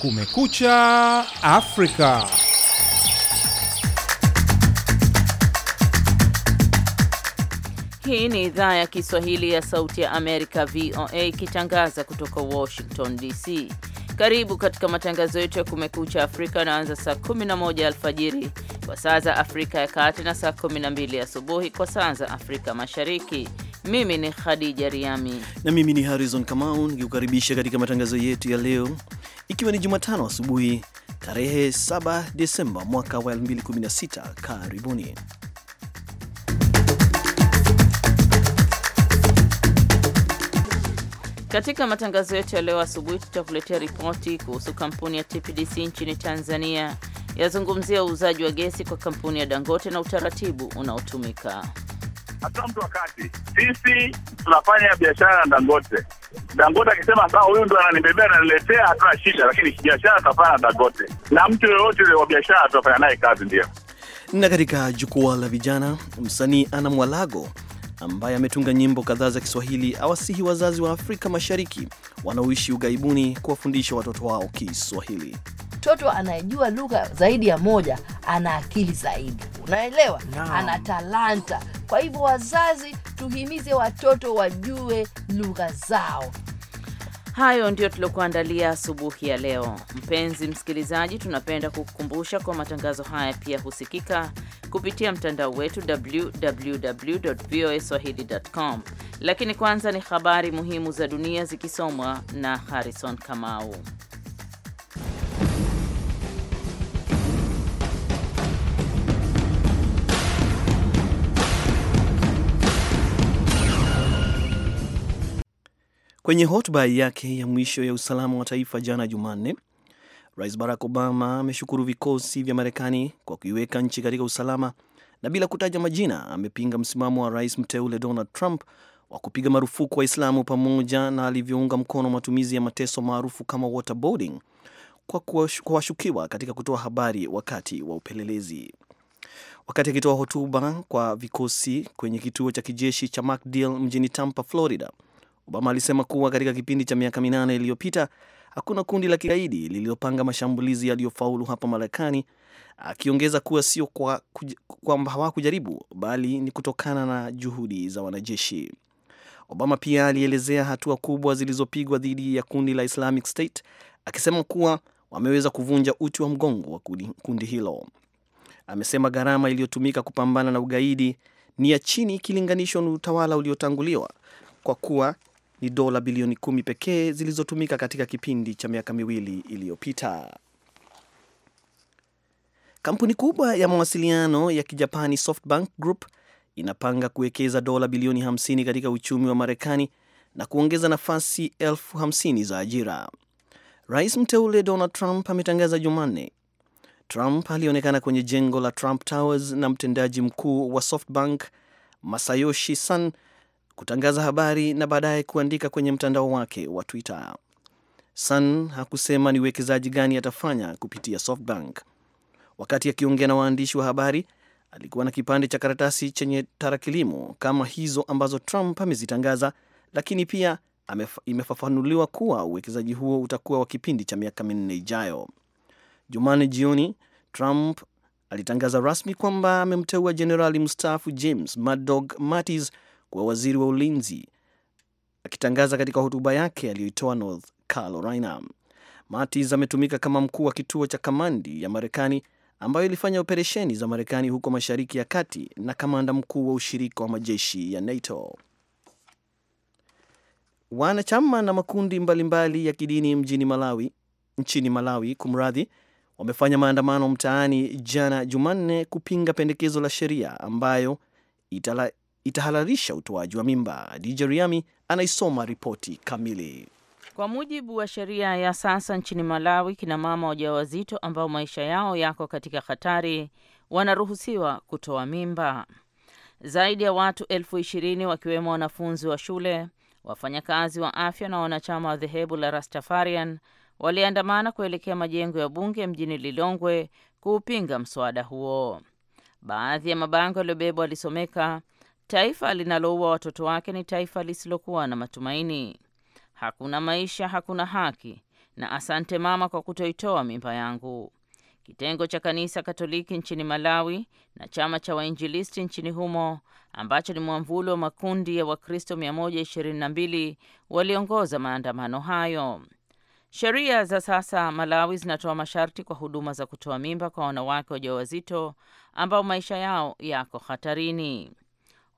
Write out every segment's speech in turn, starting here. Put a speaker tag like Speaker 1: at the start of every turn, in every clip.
Speaker 1: Kumekucha Afrika.
Speaker 2: Hii ni idhaa ya Kiswahili ya Sauti ya Amerika, VOA, ikitangaza kutoka Washington DC. Karibu katika matangazo yetu ya Kumekucha Afrika yanaanza saa 11 alfajiri kwa saa za Afrika ya Kati na saa 12 asubuhi kwa saa za Afrika Mashariki. Mimi ni Khadija Riami
Speaker 1: na mimi ni Harrison Kamau nikikukaribisha katika matangazo yetu ya leo ikiwa ni Jumatano asubuhi tarehe 7 Desemba mwaka wa 2016. Karibuni
Speaker 2: katika matangazo yetu ya leo asubuhi. Tutakuletea ripoti kuhusu kampuni ya TPDC nchini Tanzania yazungumzia uuzaji wa gesi kwa kampuni ya Dangote na utaratibu unaotumika
Speaker 3: hata mtu wakati. Sisi tunafanya biashara na Dangote. Dangote akisema sawa, huyu ndo ananibebea ananiletea, hatuna shida, lakini biashara tutafanya na Dangote na mtu yoyote wa biashara tutafanya naye kazi. Ndio.
Speaker 1: Na katika jukwaa la vijana, msanii Ana Mwalago ambaye ametunga nyimbo kadhaa za Kiswahili awasihi wazazi wa Afrika Mashariki wanaoishi ughaibuni kuwafundisha watoto wao Kiswahili
Speaker 4: mtoto anayejua lugha zaidi ya moja ana akili zaidi, unaelewa no. ana talanta. Kwa hivyo wazazi, tuhimize watoto wajue lugha zao.
Speaker 2: Hayo ndiyo tuliokuandalia asubuhi ya leo. Mpenzi msikilizaji, tunapenda kukukumbusha kwa matangazo haya pia husikika kupitia mtandao wetu www voa www.voaswahili.com. Lakini kwanza ni habari muhimu za dunia zikisomwa na Harrison Kamau.
Speaker 1: Kwenye hotuba yake ya mwisho ya usalama wa taifa jana Jumanne, Rais Barack Obama ameshukuru vikosi vya Marekani kwa kuiweka nchi katika usalama na bila kutaja majina, amepinga msimamo wa rais mteule Donald Trump wa kupiga marufuku Waislamu pamoja na alivyounga mkono matumizi ya mateso maarufu kama waterboarding kwa kuwashukiwa katika kutoa habari wakati wa upelelezi. Wakati akitoa hotuba kwa vikosi kwenye kituo cha kijeshi cha MacDill mjini Tampa, Florida, Obama alisema kuwa katika kipindi cha miaka minane iliyopita hakuna kundi la kigaidi lililopanga mashambulizi yaliyofaulu hapa Marekani, akiongeza kuwa sio kwamba kwa hawakujaribu bali ni kutokana na juhudi za wanajeshi. Obama pia alielezea hatua kubwa zilizopigwa dhidi ya kundi la Islamic State akisema kuwa wameweza kuvunja uti wa mgongo wa kundi hilo. Amesema gharama iliyotumika kupambana na ugaidi ni ya chini ikilinganishwa na utawala uliotanguliwa kwa kuwa ni dola bilioni kumi pekee zilizotumika katika kipindi cha miaka miwili iliyopita. Kampuni kubwa ya mawasiliano ya kijapani Softbank Group inapanga kuwekeza dola bilioni 50 katika uchumi wa Marekani na kuongeza nafasi elfu hamsini za ajira. Rais mteule Donald Trump ametangaza Jumanne. Trump alionekana kwenye jengo la Trump Towers na mtendaji mkuu wa Softbank Masayoshi Son kutangaza habari na baadaye kuandika kwenye mtandao wake wa Twitter. Sun hakusema ni uwekezaji gani atafanya kupitia SoftBank. Wakati akiongea na waandishi wa habari, alikuwa na kipande cha karatasi chenye tarakilimu kama hizo ambazo Trump amezitangaza, lakini pia imefafanuliwa kuwa uwekezaji huo utakuwa wa kipindi cha miaka minne ijayo. Jumanne jioni Trump alitangaza rasmi kwamba amemteua jenerali mstaafu James Murdock Mattis kuwa waziri wa ulinzi, akitangaza katika hotuba yake aliyoitoa North Carolina. Mattis ametumika kama mkuu wa kituo cha kamandi ya Marekani ambayo ilifanya operesheni za Marekani huko Mashariki ya Kati na kamanda mkuu wa ushirika wa majeshi ya NATO. Wanachama na makundi mbalimbali mbali ya kidini mjini Malawi, nchini Malawi kumradhi, wamefanya maandamano mtaani jana Jumanne kupinga pendekezo la sheria ambayo itahalalisha utoaji wa mimba. Adija Riami anaisoma ripoti kamili.
Speaker 2: Kwa mujibu wa sheria ya sasa nchini Malawi, kina mama wajawazito ambao maisha yao yako katika hatari wanaruhusiwa kutoa mimba. Zaidi ya watu elfu ishirini wakiwemo wanafunzi wa shule, wafanyakazi wa afya na wanachama wa dhehebu la Rastafarian waliandamana kuelekea majengo ya bunge mjini Lilongwe kuupinga mswada huo. Baadhi ya mabango yaliyobebwa walisomeka Taifa linaloua watoto wake ni taifa lisilokuwa na matumaini. Hakuna maisha, hakuna haki. Na asante mama kwa kutoitoa mimba yangu. Kitengo cha kanisa Katoliki nchini Malawi na chama cha wainjilisti nchini humo ambacho ni mwamvuli wa makundi ya Wakristo 122 waliongoza maandamano hayo. Sheria za sasa Malawi zinatoa masharti kwa huduma za kutoa mimba kwa wanawake wajawazito ambao maisha yao yako hatarini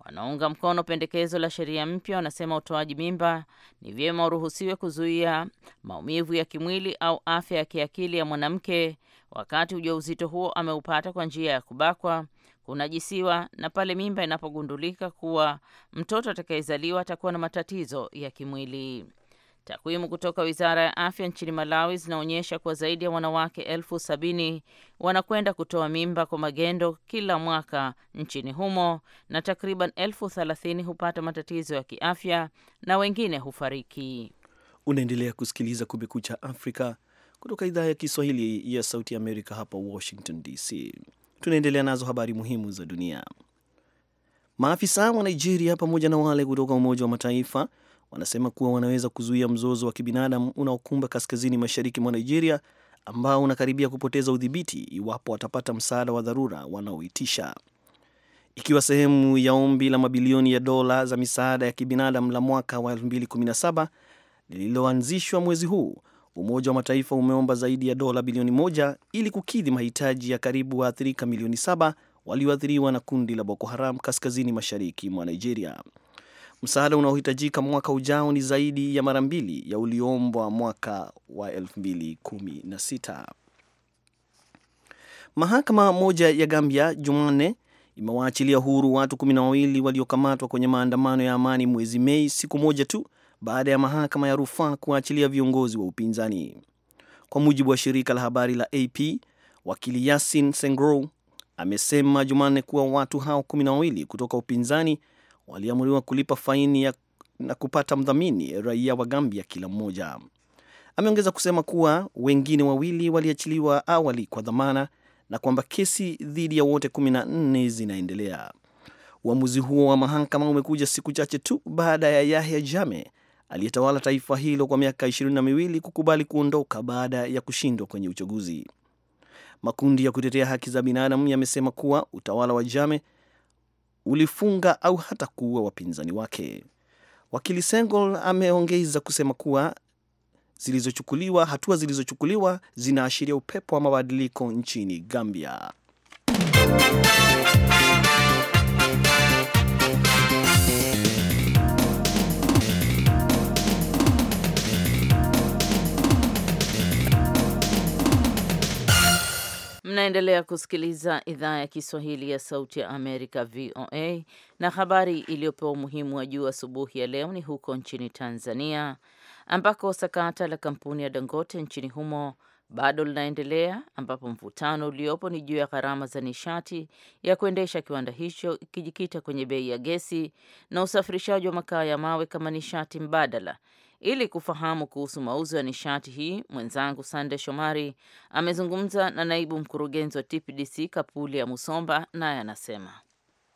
Speaker 2: wanaunga mkono pendekezo la sheria mpya. Wanasema utoaji mimba ni vyema uruhusiwe kuzuia maumivu ya kimwili au afya ya kiakili ya mwanamke wakati ujauzito huo ameupata kwa njia ya kubakwa, kunajisiwa na pale mimba inapogundulika kuwa mtoto atakayezaliwa atakuwa na matatizo ya kimwili. Takwimu kutoka wizara ya afya nchini Malawi zinaonyesha kuwa zaidi ya wanawake elfu sabini wanakwenda kutoa mimba kwa magendo kila mwaka nchini humo, na takriban elfu thelathini hupata matatizo ya kiafya na wengine hufariki.
Speaker 1: Unaendelea kusikiliza Kumekucha Afrika kutoka idhaa ya Kiswahili ya Sauti Amerika, hapa Washington DC. Tunaendelea nazo habari muhimu za dunia. Maafisa wa Nigeria pamoja na wale kutoka Umoja wa Mataifa wanasema kuwa wanaweza kuzuia mzozo wa kibinadamu unaokumba kaskazini mashariki mwa Nigeria ambao unakaribia kupoteza udhibiti iwapo watapata msaada wa dharura wanaoitisha. Ikiwa sehemu ya ombi la mabilioni ya dola za misaada ya kibinadamu la mwaka wa 2017 lililoanzishwa mwezi huu, Umoja wa Mataifa umeomba zaidi ya dola bilioni moja ili kukidhi mahitaji ya karibu waathirika milioni saba walioathiriwa na kundi la Boko Haram kaskazini mashariki mwa Nigeria. Msaada unaohitajika mwaka ujao ni zaidi ya mara mbili ya uliombwa mwaka wa 2016. Mahakama moja ya Gambia Jumanne imewaachilia huru watu kumi na wawili waliokamatwa kwenye maandamano ya amani mwezi Mei, siku moja tu baada ya mahakama ya rufaa kuwaachilia viongozi wa upinzani. Kwa mujibu wa shirika la habari la AP, wakili Yasin Sengro amesema Jumanne kuwa watu hao kumi na wawili kutoka upinzani waliamuriwa kulipa faini ya na kupata mdhamini raia wa Gambia kila mmoja. Ameongeza kusema kuwa wengine wawili waliachiliwa awali kwa dhamana na kwamba kesi dhidi ya wote 14 zinaendelea. Uamuzi huo wa mahakama umekuja siku chache tu baada ya Yahya jame aliyetawala taifa hilo kwa miaka ishirini na miwili kukubali kuondoka baada ya kushindwa kwenye uchaguzi. Makundi ya kutetea haki za binadamu yamesema kuwa utawala wa jame ulifunga au hata kuua wapinzani wake. Wakili Sengol ameongeza kusema kuwa zilizochukuliwa hatua zilizochukuliwa zinaashiria upepo wa mabadiliko nchini Gambia.
Speaker 2: Mnaendelea kusikiliza idhaa ya Kiswahili ya Sauti ya Amerika, VOA, na habari iliyopewa umuhimu wa juu asubuhi ya leo ni huko nchini Tanzania, ambako sakata la kampuni ya Dangote nchini humo bado linaendelea, ambapo mvutano uliopo ni juu ya gharama za nishati ya kuendesha kiwanda hicho, ikijikita kwenye bei ya gesi na usafirishaji wa makaa ya mawe kama nishati mbadala ili kufahamu kuhusu mauzo ya nishati hii, mwenzangu Sande Shomari amezungumza na naibu mkurugenzi wa TPDC Kapuli ya Musomba, naye anasema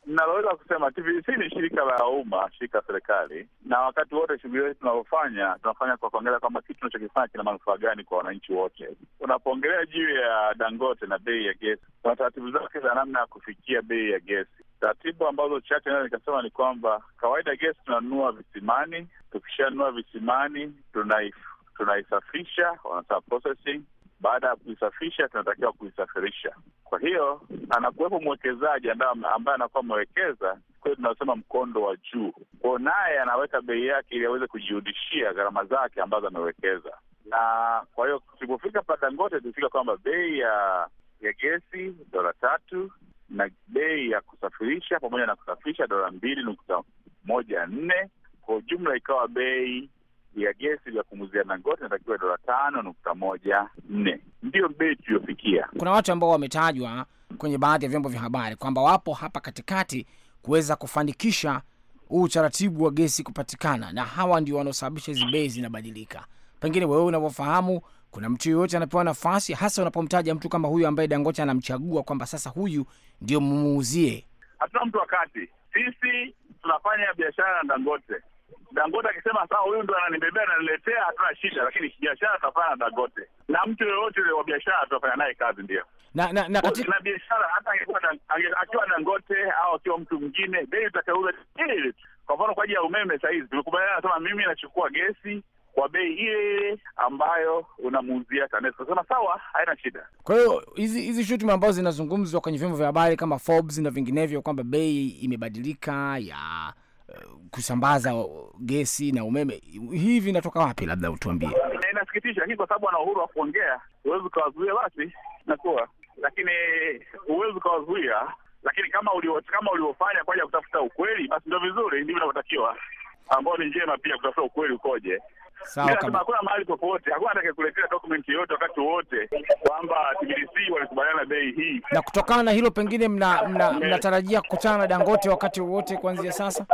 Speaker 3: Ninaloweza kusema TVC ni shirika la umma, shirika la serikali, na wakati wote shughuli zetu tunazofanya tunafanya kwa kuangalia kwamba kitu tunachokifanya kina manufaa gani kwa wananchi wote. Unapoongelea juu ya Dangote na bei ya gesi, kuna taratibu zake za namna ya kufikia bei ya gesi. Taratibu ambazo chache naweza nikasema ni kwamba kawaida gesi tunanunua visimani, tukishanunua visimani tunai tunaisafisha wanasema processing baada ya kuisafisha tunatakiwa kuisafirisha. Kwa hiyo anakuwepo mwekezaji ambaye anakuwa amewekeza kwao, tunasema mkondo wa juu kwao, naye anaweka bei yake ili aweze kujiudishia gharama zake ambazo amewekeza. Na kwa hiyo tulipofika pa Dangote tulifika kwamba bei ya ya gesi dola tatu na bei ya kusafirisha pamoja na kusafisha dola mbili nukta moja nne kwa ujumla ikawa bei ya gesi ya kumuzia Dangote inatakiwa dola tano nukta moja nne ndiyo bei tuliyofikia.
Speaker 5: Kuna watu ambao wametajwa kwenye baadhi ya vyombo vya habari kwamba wapo hapa katikati kuweza kufanikisha huu utaratibu wa gesi kupatikana, na hawa ndio wanaosababisha hizi bei zinabadilika. Pengine wewe unavyofahamu, kuna mtu yoyote anapewa nafasi, hasa unapomtaja mtu kama huyu ambaye Dangote anamchagua kwamba sasa huyu ndio mumuuzie?
Speaker 3: Hatuna mtu wakati, sisi tunafanya biashara na Dangote Dangote akisema sawa, huyu ndo ananibebea ananiletea, hatuna shida, lakini biashara tutafanya na Dangote na mtu yoyote wa biashara tutafanya naye kazi, ndio
Speaker 5: na na na kati... na
Speaker 3: biashara. Hata akiwa Dangote au akiwa mtu mwingine, bei tutakauza ile. Kwa mfano kwa ajili ya umeme, saa hizi tumekubaliana, nasema mimi nachukua gesi kwa bei ile ambayo unamuuzia TANESCO. Sema sawa, haina shida.
Speaker 5: Kwa hiyo hizi hizi shutuma ambazo zinazungumzwa kwenye vyombo vya habari kama Forbes na vinginevyo kwamba bei imebadilika ya kusambaza gesi na umeme hivi inatoka wapi? Labda utuambie.
Speaker 3: Inasikitisha, lakini kwa sababu ana uhuru wa kuongea, huwezi ukawazuia, basi inakuwa, lakini huwezi ukawazuia, lakini kama kama uliofanya kwa ajili ya kutafuta ukweli, basi ndio vizuri, ndivyo inavyotakiwa, ambao ni njema pia kutafuta ukweli ukoje. Hakuna mahali popote, hakuna atakayekuletea dokumenti yoyote wakati wote kwamba TBC walikubaliana bei hii.
Speaker 5: Na kutokana na hilo, pengine mnatarajia mna, mna kukutana na Dangote wakati wowote kuanzia sasa?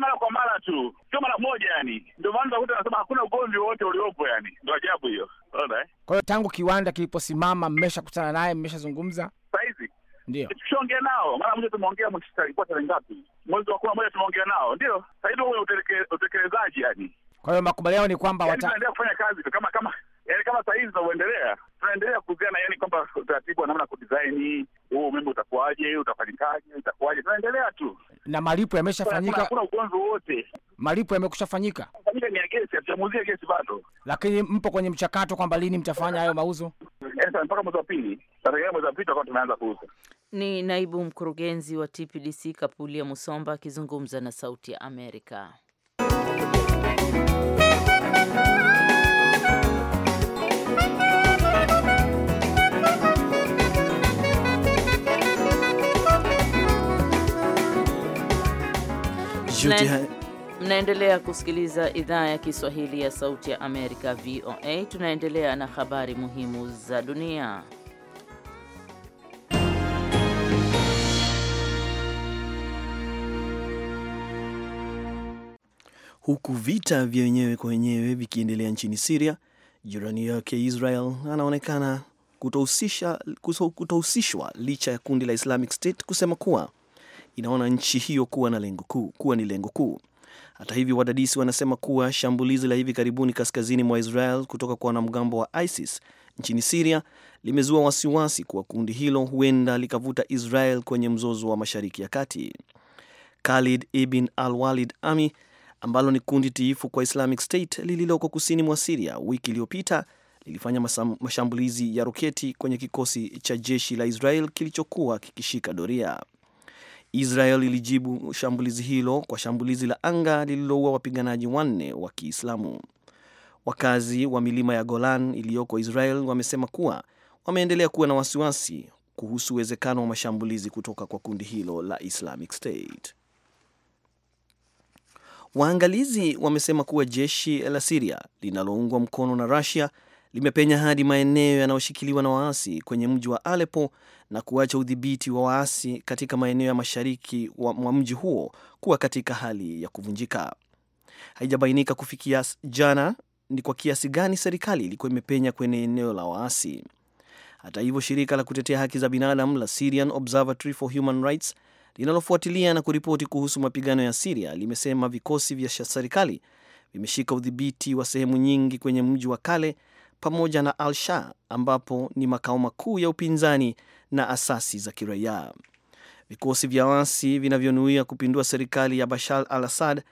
Speaker 3: mara kwa mara tu, sio mara moja yani. Ndio maana utakuta nasema hakuna ugomvi wowote uliopo yani, ndo ajabu hiyo. Ona, eh?
Speaker 5: kwa hiyo tangu kiwanda kiliposimama mmeshakutana naye, mmeshazungumza
Speaker 3: saizi? Ndio, tushaongea nao mara moja, tumeongea mlikuwa tarehe ngapi? Mwezi wa kumi na moja tumeongea nao, ndio saizi huyo utekelezaji yani.
Speaker 5: Kwa hiyo makubaliano ni kwamba wataendelea
Speaker 3: kufanya kazi kama kama yani kama saa hizi tunavyoendelea tunaendelea kuziana, yani kwamba utaratibu wa namna kudisaini huu umeme utakuwaje, utafanyikaje, itakuwaje, tunaendelea tu
Speaker 5: na malipo yameshafanyika, kuna
Speaker 3: ugonjwa wote,
Speaker 5: malipo yamekushafanyika, bado, lakini mpo kwenye mchakato kwamba lini mtafanya hayo mauzo?
Speaker 3: Eh, mpaka mwezi wa pili, mwezi wa pili tutakuwa tumeanza kuuza.
Speaker 2: Ni naibu mkurugenzi wa TPDC Kapulia Musomba akizungumza na Sauti ya Amerika. mnaendelea kusikiliza idhaa ya Kiswahili ya Sauti ya Amerika, VOA. Tunaendelea na habari muhimu za dunia.
Speaker 1: Huku vita vya wenyewe kwa wenyewe vikiendelea nchini Siria, jirani yake Israel anaonekana kutohusishwa licha ya kundi la Islamic State kusema kuwa inaona nchi hiyo kuwa, na lengo kuu, kuwa ni lengo kuu. Hata hivyo, wadadisi wanasema kuwa shambulizi la hivi karibuni kaskazini mwa Israel kutoka kwa wanamgambo wa ISIS nchini Siria limezua wasiwasi kuwa kundi hilo huenda likavuta Israel kwenye mzozo wa Mashariki ya Kati. Khalid ibn al-Walid Ami ambalo ni kundi tiifu kwa Islamic State lililoko kusini mwa Siria wiki iliyopita lilifanya mashambulizi ya roketi kwenye kikosi cha jeshi la Israel kilichokuwa kikishika doria. Israel ilijibu shambulizi hilo kwa shambulizi la anga lililoua wapiganaji wanne wa Kiislamu. Wakazi wa milima ya Golan iliyoko Israel wamesema kuwa wameendelea kuwa na wasiwasi kuhusu uwezekano wa mashambulizi kutoka kwa kundi hilo la Islamic State. Waangalizi wamesema kuwa jeshi la Siria linaloungwa mkono na rasia limepenya hadi maeneo yanayoshikiliwa na waasi kwenye mji wa Aleppo na kuacha udhibiti wa waasi katika maeneo ya mashariki mwa mji huo kuwa katika hali ya kuvunjika. Haijabainika kufikia jana ni kwa kiasi gani serikali ilikuwa imepenya kwenye eneo la waasi. Hata hivyo, shirika la kutetea haki za binadamu la Syrian Observatory for Human Rights linalofuatilia na kuripoti kuhusu mapigano ya Siria limesema vikosi vya serikali vimeshika udhibiti wa sehemu nyingi kwenye mji wa kale pamoja na alsha ambapo ni makao makuu ya upinzani na asasi za kiraia. Vikosi vya waasi vinavyonuia kupindua serikali ya Bashar al-Assad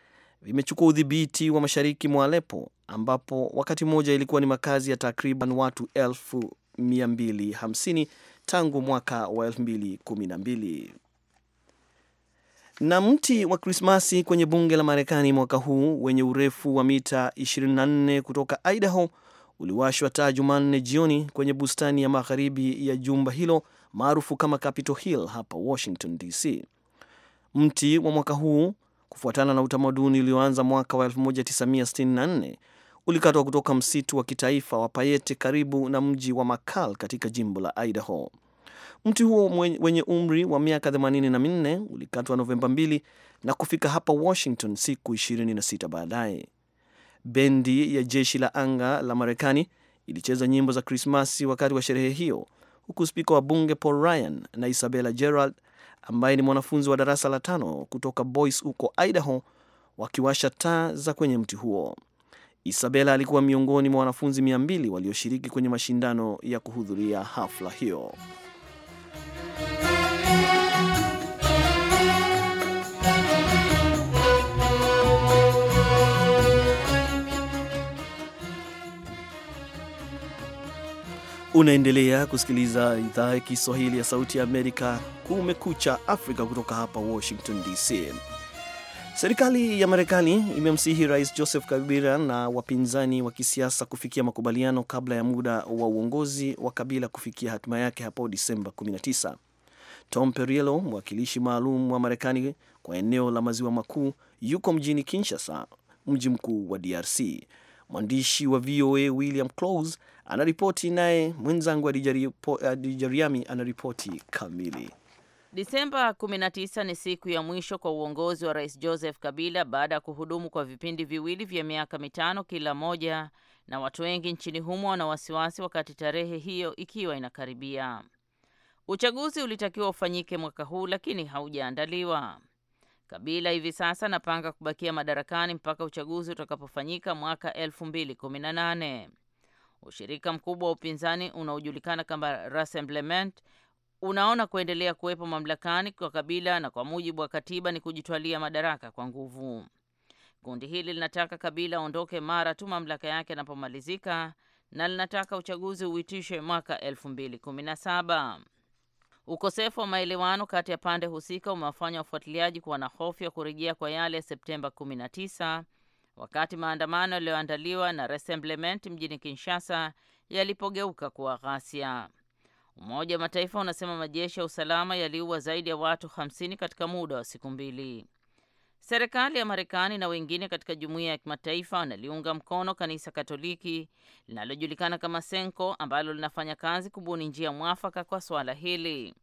Speaker 1: vimechukua udhibiti wa mashariki mwa alepo ambapo wakati mmoja ilikuwa ni makazi ya takriban watu 250 tangu mwaka wa 2012. Na mti wa Krismasi kwenye bunge la Marekani mwaka huu wenye urefu wa mita 24 kutoka Idaho uliwashwa taa Jumanne jioni kwenye bustani ya magharibi ya jumba hilo maarufu kama Capitol Hill hapa Washington DC. Mti wa mwaka huu, kufuatana na utamaduni ulioanza mwaka wa 1964, ulikatwa kutoka msitu wa kitaifa wa Payete karibu na mji wa Makal katika jimbo la Idaho. Mti huo wenye umri wa miaka 84 ulikatwa Novemba 2 na kufika hapa Washington siku 26 baadaye. Bendi ya jeshi la anga la Marekani ilicheza nyimbo za Krismasi wakati wa sherehe hiyo, huku spika wa bunge Paul Ryan na Isabella Gerald ambaye ni mwanafunzi wa darasa la tano kutoka Boys huko Idaho wakiwasha taa za kwenye mti huo. Isabella alikuwa miongoni mwa wanafunzi mia mbili walioshiriki kwenye mashindano ya kuhudhuria hafla hiyo. Unaendelea kusikiliza idhaa ya Kiswahili ya Sauti ya Amerika, Kumekucha Afrika, kutoka hapa Washington DC. Serikali ya Marekani imemsihi Rais Joseph Kabila na wapinzani wa kisiasa kufikia makubaliano kabla ya muda wa uongozi wa Kabila kufikia hatima yake hapo Disemba 19. Tom Perriello, mwakilishi maalum wa Marekani kwa eneo la Maziwa Makuu, yuko mjini Kinshasa, mji mkuu wa DRC Mwandishi wa VOA William Close anaripoti, naye mwenzangu Adijariami anaripoti kamili.
Speaker 2: Disemba 19 ni siku ya mwisho kwa uongozi wa Rais Joseph Kabila baada ya kuhudumu kwa vipindi viwili vya miaka mitano kila moja, na watu wengi nchini humo wana wasiwasi wakati tarehe hiyo ikiwa inakaribia. Uchaguzi ulitakiwa ufanyike mwaka huu lakini haujaandaliwa. Kabila hivi sasa anapanga kubakia madarakani mpaka uchaguzi utakapofanyika mwaka 2018. Ushirika mkubwa wa upinzani unaojulikana kama Rassemblement unaona kuendelea kuwepo mamlakani kwa Kabila na kwa mujibu wa katiba ni kujitwalia madaraka kwa nguvu. Kundi hili linataka Kabila aondoke mara tu mamlaka yake yanapomalizika na linataka uchaguzi uitishwe mwaka 2017. Ukosefu wa maelewano kati ya pande husika umewafanya wafuatiliaji kuwa na hofu ya kurejea kwa yale ya Septemba 19 wakati maandamano yaliyoandaliwa na Rassemblement mjini Kinshasa yalipogeuka kuwa ghasia. Umoja wa Mataifa unasema majeshi ya usalama yaliua zaidi ya watu 50 katika muda wa siku mbili. Serikali ya Marekani na wengine katika jumuiya ya kimataifa wanaliunga mkono kanisa Katoliki linalojulikana kama Senko ambalo linafanya kazi kubuni njia mwafaka kwa suala hili.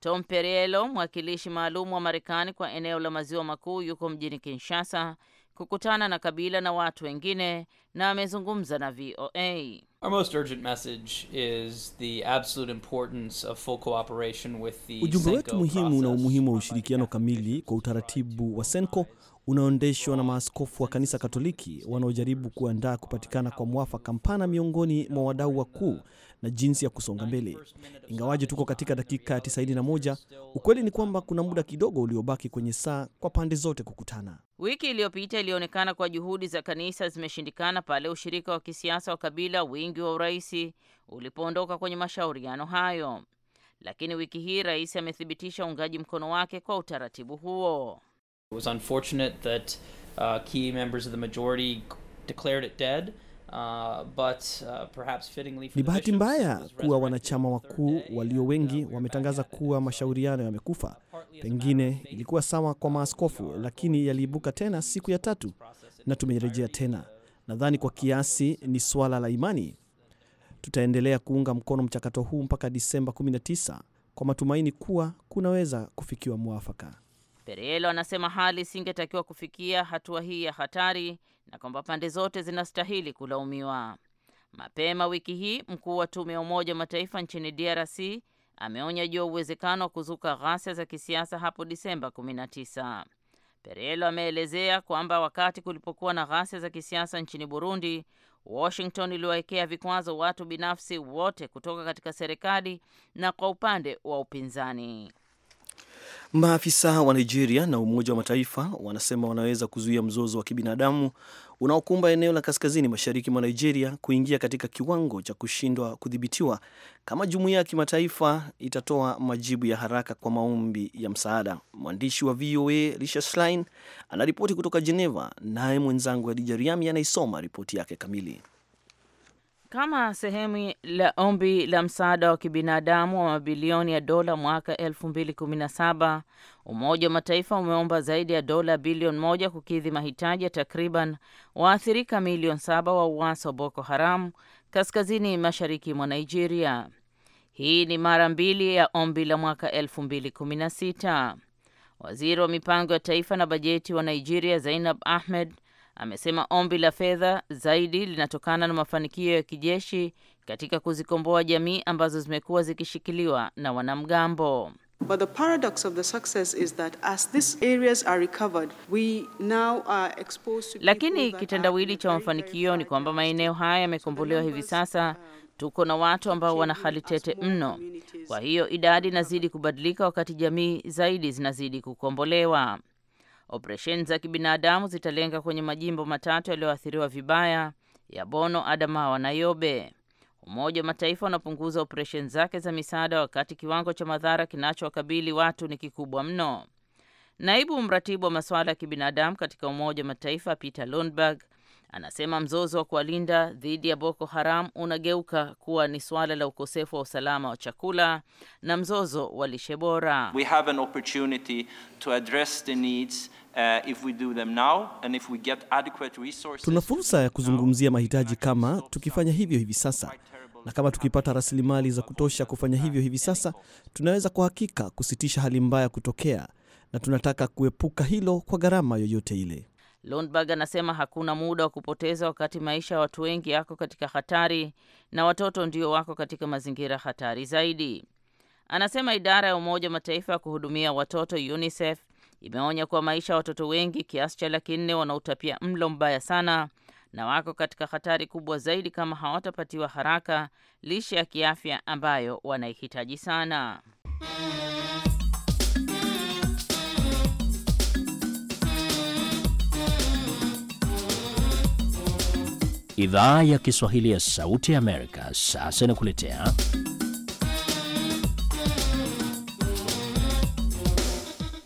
Speaker 2: Tom Perriello, mwakilishi maalum wa Marekani kwa eneo la maziwa makuu, yuko mjini Kinshasa kukutana na Kabila na watu wengine na amezungumza na VOA. Our most urgent message is the absolute importance of full cooperation with the ujumbe wetu muhimu
Speaker 1: na umuhimu wa ushirikiano kamili kwa utaratibu wa Senko unaoendeshwa na maaskofu wa kanisa Katoliki wanaojaribu kuandaa kupatikana kwa mwafaka mpana miongoni mwa wadau wakuu na jinsi ya kusonga mbele. Ingawaje tuko katika dakika ya 91, ukweli ni kwamba kuna muda kidogo uliobaki kwenye saa kwa pande zote kukutana.
Speaker 2: Wiki iliyopita ilionekana kwa juhudi za kanisa zimeshindikana pale ushirika wa kisiasa wa kabila wingi wa uraisi ulipoondoka kwenye mashauriano hayo, lakini wiki hii rais amethibitisha uungaji mkono wake kwa utaratibu huo. It was unfortunate that uh, key members of the majority declared it dead. Uh, uh, ni
Speaker 1: bahati mbaya kuwa wanachama wakuu walio uh, wengi wametangaza kuwa mashauriano yamekufa. Pengine ilikuwa sawa kwa maaskofu, lakini yaliibuka tena siku ya tatu na tumerejea tena. Nadhani kwa kiasi ni swala la imani. Tutaendelea kuunga mkono mchakato huu mpaka Disemba 19 kwa matumaini kuwa kunaweza kufikiwa mwafaka.
Speaker 2: Perielo anasema hali isingetakiwa kufikia hatua hii ya hatari na kwamba pande zote zinastahili kulaumiwa. Mapema wiki hii mkuu wa tume ya Umoja wa Mataifa nchini DRC ameonya juu ya uwezekano wa kuzuka ghasia za kisiasa hapo Disemba 19. Perelo ameelezea kwamba wakati kulipokuwa na ghasia za kisiasa nchini Burundi, Washington iliwawekea vikwazo watu binafsi wote kutoka katika serikali na kwa upande wa upinzani.
Speaker 1: Maafisa wa Nigeria na Umoja wa Mataifa wanasema wanaweza kuzuia mzozo wa kibinadamu unaokumba eneo la kaskazini mashariki mwa Nigeria kuingia katika kiwango cha kushindwa kudhibitiwa kama jumuiya ya kimataifa itatoa majibu ya haraka kwa maombi ya msaada. Mwandishi wa VOA Richard Schlein anaripoti kutoka Geneva, naye mwenzangu Adija Riami anaisoma ripoti yake kamili.
Speaker 2: Kama sehemu la ombi la msaada wa kibinadamu wa mabilioni ya dola mwaka 2017, Umoja wa Mataifa umeomba zaidi ya dola bilioni moja kukidhi mahitaji ya takriban waathirika milioni saba wa uasi wa Boko Haram kaskazini mashariki mwa Nigeria. Hii ni mara mbili ya ombi la mwaka 2016. Waziri wa mipango ya taifa na bajeti wa Nigeria, Zainab Ahmed, amesema ombi la fedha zaidi linatokana na mafanikio ya kijeshi katika kuzikomboa jamii ambazo zimekuwa zikishikiliwa na wanamgambo. But the paradox of the success is that as these areas are recovered, we now are exposed to. Lakini kitendawili cha mafanikio ni kwamba maeneo haya yamekombolewa hivi sasa, um, tuko na watu ambao wana hali tete mno. Kwa hiyo idadi inazidi kubadilika wakati jamii zaidi zinazidi kukombolewa. Operesheni za kibinadamu zitalenga kwenye majimbo matatu yaliyoathiriwa vibaya ya Bono, Adamawa na Yobe. Umoja wa Mataifa unapunguza operesheni zake za misaada wakati kiwango cha madhara kinachowakabili watu ni kikubwa mno. Naibu mratibu wa masuala ya kibinadamu katika Umoja wa Mataifa Peter Lundberg Anasema mzozo wa kuwalinda dhidi ya Boko Haram unageuka kuwa ni suala la ukosefu wa usalama wa chakula na mzozo wa lishe bora.
Speaker 1: We have an opportunity to address the needs uh, if we do them now and if we get adequate resources. Tuna fursa ya kuzungumzia mahitaji kama tukifanya hivyo hivi sasa na kama tukipata rasilimali za kutosha kufanya hivyo hivi sasa, tunaweza kwa hakika kusitisha hali mbaya kutokea, na tunataka kuepuka hilo kwa gharama yoyote ile.
Speaker 2: Lundberg anasema hakuna muda wa kupoteza wakati maisha ya watu wengi yako katika hatari na watoto ndio wako katika mazingira hatari zaidi. Anasema idara ya Umoja wa Mataifa ya kuhudumia watoto UNICEF imeonya kuwa maisha ya watoto wengi kiasi cha laki nne wanautapia mlo mbaya sana na wako katika hatari kubwa zaidi kama hawatapatiwa haraka lishe ya kiafya ambayo wanaihitaji sana.
Speaker 1: Idhaa ya Kiswahili ya Sauti ya Amerika sasa inakuletea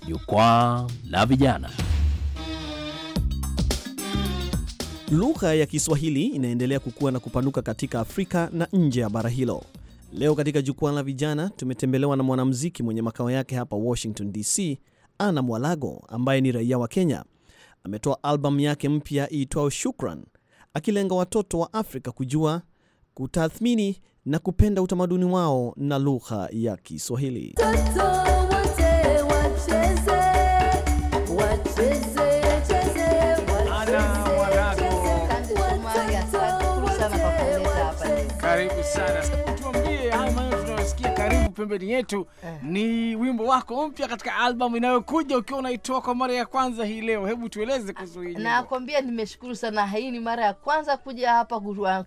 Speaker 1: Jukwaa la Vijana. Lugha ya Kiswahili inaendelea kukua na kupanuka katika Afrika na nje ya bara hilo. Leo katika Jukwaa la Vijana tumetembelewa na mwanamuziki mwenye makao yake hapa Washington DC, Ana Mwalago ambaye ni raia wa Kenya. Ametoa albamu yake mpya iitwayo Shukran akilenga watoto wa Afrika kujua, kutathmini na kupenda utamaduni wao na lugha ya Kiswahili
Speaker 4: Toto.
Speaker 5: pembeni yetu eh, ni wimbo wako mpya katika albamu inayokuja ukiwa unaitoa kwa mara ya kwanza hii leo. Hebu tueleze kuhusu hii. Nakwambia
Speaker 4: nimeshukuru sana, hii ni mara ya kwanza kuja hapa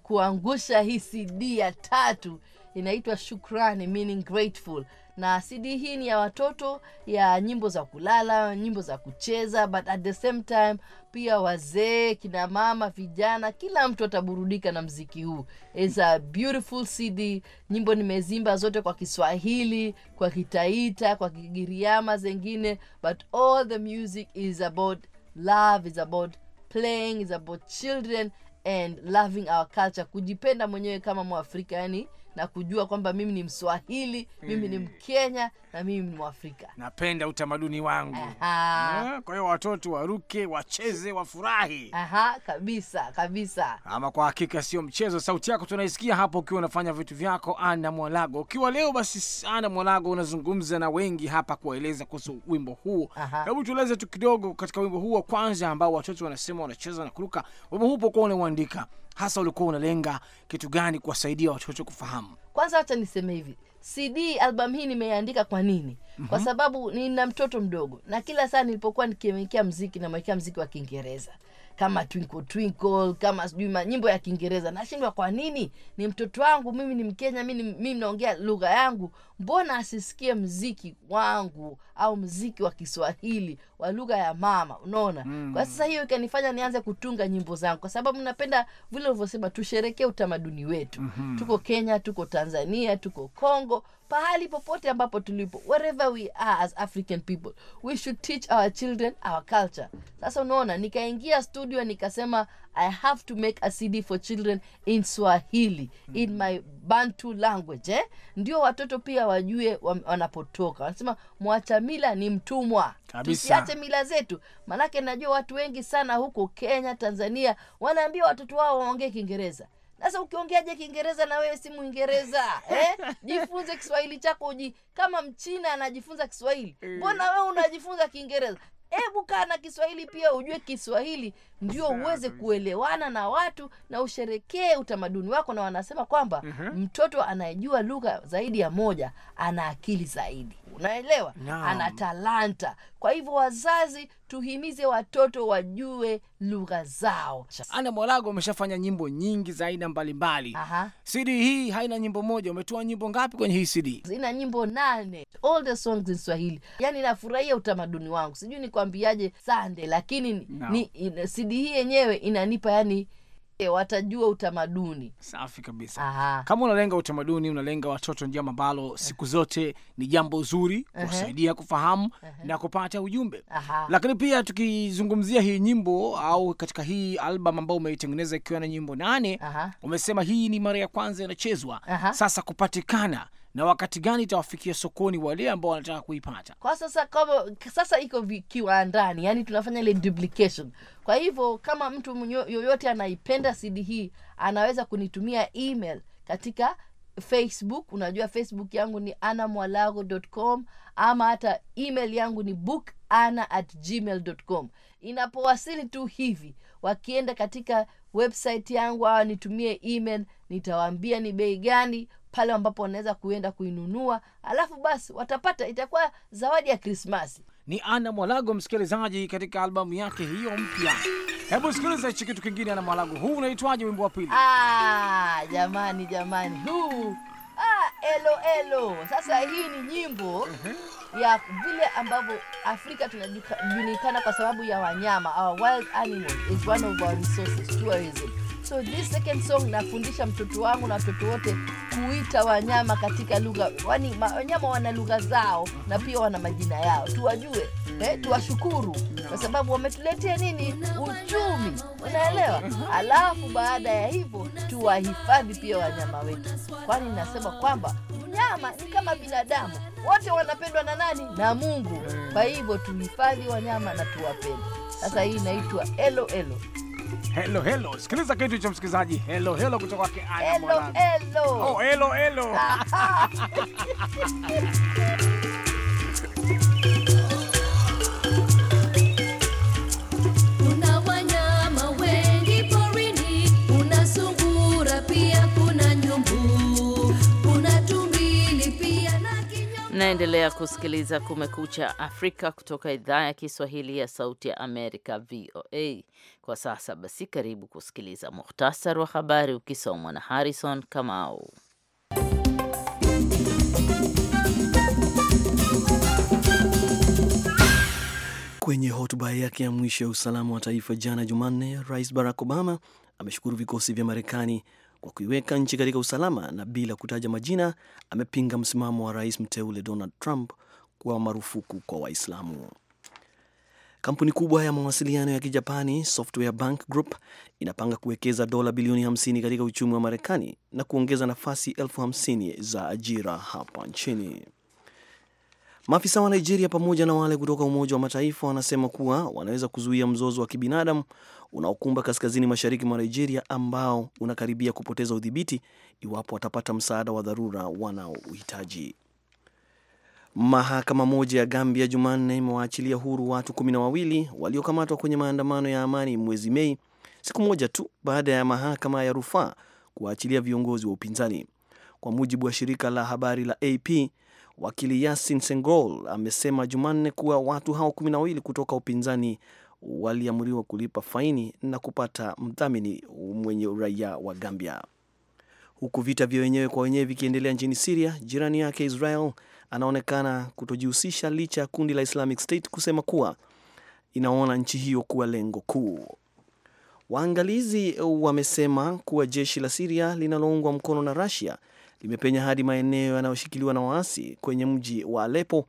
Speaker 4: kuangusha hii CD ya tatu, inaitwa Shukrani meaning grateful na cd hii ni ya watoto ya nyimbo za kulala nyimbo za kucheza but at the same time pia wazee kina mama vijana kila mtu ataburudika na mziki huu It's a beautiful cd nyimbo nimezimba zote kwa kiswahili kwa kitaita kwa kigiriama zengine but all the music is about love is about playing is about children and loving our culture kujipenda mwenyewe kama mwafrika yani na kujua kwamba mimi ni Mswahili, mimi ni mm. Mkenya na mimi ni Mwafrika.
Speaker 5: Napenda utamaduni wangu.
Speaker 4: Eh,
Speaker 5: kwa hiyo watoto waruke, wacheze, wafurahi.
Speaker 4: Aha, kabisa kabisa.
Speaker 5: Ama kwa hakika sio mchezo. Sauti yako tunaisikia hapo ukiwa unafanya vitu vyako, Ana Mwalago. Ukiwa leo basi, Ana Mwalago, unazungumza na wengi hapa kuwaeleza kuhusu wimbo huu. Hebu tueleze tu kidogo katika wimbo huu wa kwanza ambao watoto wanasema wanacheza na kuruka, wimbo huu upokuwa unauandika hasa ulikuwa unalenga kitu gani kuwasaidia watoto kufahamu? Kwanza hata niseme hivi,
Speaker 4: CD albamu hii nimeandika kwa nini? mm -hmm. Kwa sababu nina mtoto mdogo, na kila saa nilipokuwa nikimekea mziki namwekea mziki wa Kiingereza kama twinkle twinkle kama sijui nyimbo ya kiingereza nashindwa kwa nini ni mtoto wangu mimi ni mkenya mimi, mimi naongea lugha yangu mbona asisikie mziki wangu au mziki wa kiswahili wa lugha ya mama unaona mm. kwa sasa hiyo ikanifanya nianze kutunga nyimbo zangu kwa sababu napenda vile ulivyosema tusherekee utamaduni wetu mm-hmm. tuko kenya tuko tanzania tuko congo pahali popote ambapo tulipo wherever we are as african people we should teach our children our culture sasa unaona nikaingia studio nikasema i have to make a cd for children in swahili in hmm. my bantu language eh? ndio watoto pia wajue wanapotoka wanasema mwacha mila ni mtumwa tusiache mila zetu maanake najua watu wengi sana huko kenya tanzania wanaambia watoto wao waongee kiingereza sasa ukiongeaje kiingereza na wewe si mwingereza eh? jifunze kiswahili chako uji kama mchina anajifunza kiswahili eh. mbona wewe unajifunza kiingereza hebu kaa na kiswahili pia ujue kiswahili ndio uweze kuelewana na watu na usherekee utamaduni wako na wanasema kwamba mm-hmm. mtoto anayejua lugha zaidi ya moja ana akili zaidi unaelewa no. ana talanta kwa hivyo wazazi tuhimize watoto wajue lugha zao
Speaker 5: ana mwalago ameshafanya nyimbo nyingi za aina mbalimbali cd hii haina nyimbo moja umetoa nyimbo ngapi kwenye hii cd
Speaker 4: ina nyimbo nane all the songs in swahili yani nafurahia utamaduni wangu sijui nikwambiaje sande lakini no. ni, cd hii yenyewe inanipa yani E, watajua utamaduni.
Speaker 5: Safi kabisa. Aha. Kama unalenga utamaduni, unalenga watoto, ni jambo ambalo siku zote ni jambo zuri kusaidia kufahamu Aha. na kupata ujumbe. Aha. Lakini pia tukizungumzia hii nyimbo au katika hii album ambayo umeitengeneza ikiwa na nyimbo nane, umesema hii ni mara ya kwanza inachezwa. Sasa kupatikana na wakati gani itawafikia sokoni wale ambao wanataka kuipata
Speaker 4: kwa sasa. Kwa sasa iko kiwandani, yani tunafanya ile duplication. Kwa hivyo kama mtu yoyote anaipenda CD hii e, anaweza kunitumia email katika Facebook. Unajua Facebook yangu ni anamwalago.com ama hata email yangu ni book ana at gmail.com. Inapowasili tu hivi, wakienda katika website yangu awa nitumie email, nitawaambia ni bei gani pale ambapo wanaweza kuenda kuinunua,
Speaker 5: alafu basi watapata, itakuwa zawadi ya Krismasi. Ni Ana Mwalago, msikilizaji, katika albamu yake hiyo mpya. Hebu sikiliza hichi kitu kingine, Ana Mwalago. Huu unaitwaje
Speaker 4: wimbo wa pili? Ah, jamani, jamani, huu ah, elo elo. Sasa hii ni nyimbo uh -huh. ya vile ambavyo Afrika tunajulikana kwa sababu ya wanyama, our wild is one of our resources, tourism So this second song nafundisha mtoto wangu na watoto wote kuita wanyama katika lugha, yani wanyama wana lugha zao na pia wana majina yao, tuwajue eh, tuwashukuru kwa sababu wametuletea nini, uchumi, unaelewa. Alafu baada ya hivyo tuwahifadhi pia wanyama wetu, kwani nasema kwamba mnyama ni kama binadamu, wote wanapendwa na nani? Na Mungu. Kwa hivyo tuhifadhi wanyama na tuwapende. Sasa hii inaitwa Elo Elo
Speaker 5: helo helo sikiliza kitu cha msikilizaji. Hello hello kutoka kwake Aya Moran.
Speaker 2: Unaendelea kusikiliza Kumekucha Afrika kutoka idhaa ya Kiswahili ya Sauti ya Amerika, VOA. Kwa sasa basi, karibu kusikiliza muhtasari wa habari ukisomwa na Harrison Kamau.
Speaker 1: Kwenye hotuba yake ya mwisho ya usalama wa taifa jana Jumanne, Rais Barack Obama ameshukuru vikosi vya Marekani kwa kuiweka nchi katika usalama na bila kutaja majina, amepinga msimamo wa rais mteule Donald Trump kwa marufuku kwa Waislamu. Kampuni kubwa ya mawasiliano ya Kijapani Software Bank Group inapanga kuwekeza dola bilioni 50 katika uchumi wa Marekani na kuongeza nafasi elfu 50 za ajira hapa nchini. Maafisa wa Nigeria pamoja na wale kutoka Umoja wa Mataifa wanasema kuwa wanaweza kuzuia mzozo wa kibinadamu unaokumba kaskazini mashariki mwa Nigeria ambao unakaribia kupoteza udhibiti iwapo watapata msaada wa dharura wanaohitaji. Mahakama moja ya Gambia Jumanne imewaachilia huru watu kumi na wawili waliokamatwa kwenye maandamano ya amani mwezi Mei, siku moja tu baada ya mahakama ya rufaa kuwaachilia viongozi wa upinzani. Kwa mujibu wa shirika la habari la AP, Wakili Yasin Sengol amesema Jumanne kuwa watu hao kumi na wawili kutoka upinzani waliamriwa kulipa faini na kupata mdhamini mwenye uraia wa Gambia. Huku vita vya wenyewe kwa wenyewe vikiendelea nchini Siria, jirani yake Israel anaonekana kutojihusisha licha ya kundi la Islamic State kusema kuwa inaona nchi hiyo kuwa lengo kuu. Waangalizi wamesema kuwa jeshi la Siria linaloungwa mkono na rasia limepenya hadi maeneo yanayoshikiliwa na waasi kwenye mji wa alepo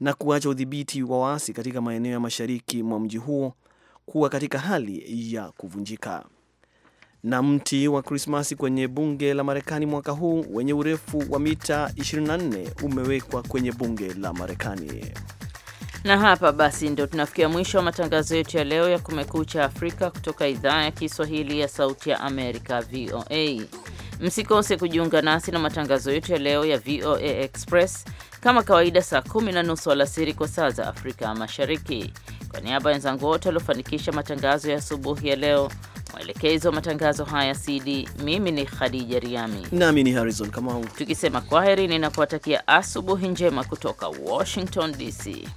Speaker 1: na kuacha udhibiti wa waasi katika maeneo ya mashariki mwa mji huo kuwa katika hali ya kuvunjika. Na mti wa Krismasi kwenye bunge la Marekani mwaka huu wenye urefu wa mita 24 umewekwa kwenye bunge la Marekani.
Speaker 2: Na hapa basi ndo tunafikia mwisho wa matangazo yetu ya leo ya Kumekucha Afrika kutoka idhaa ya Kiswahili ya Sauti ya Amerika, VOA. Msikose kujiunga nasi na matangazo yetu ya leo ya VOA Express kama kawaida, saa kumi na nusu alasiri kwa saa za Afrika Mashariki. Kwa niaba ya wenzangu wote waliofanikisha matangazo ya asubuhi ya leo, mwelekezi wa matangazo haya CD, mimi ni Khadija Riami
Speaker 1: nami ni Harrison Kamau,
Speaker 2: tukisema kwaheri ninakuwatakia asubuhi njema kutoka Washington DC.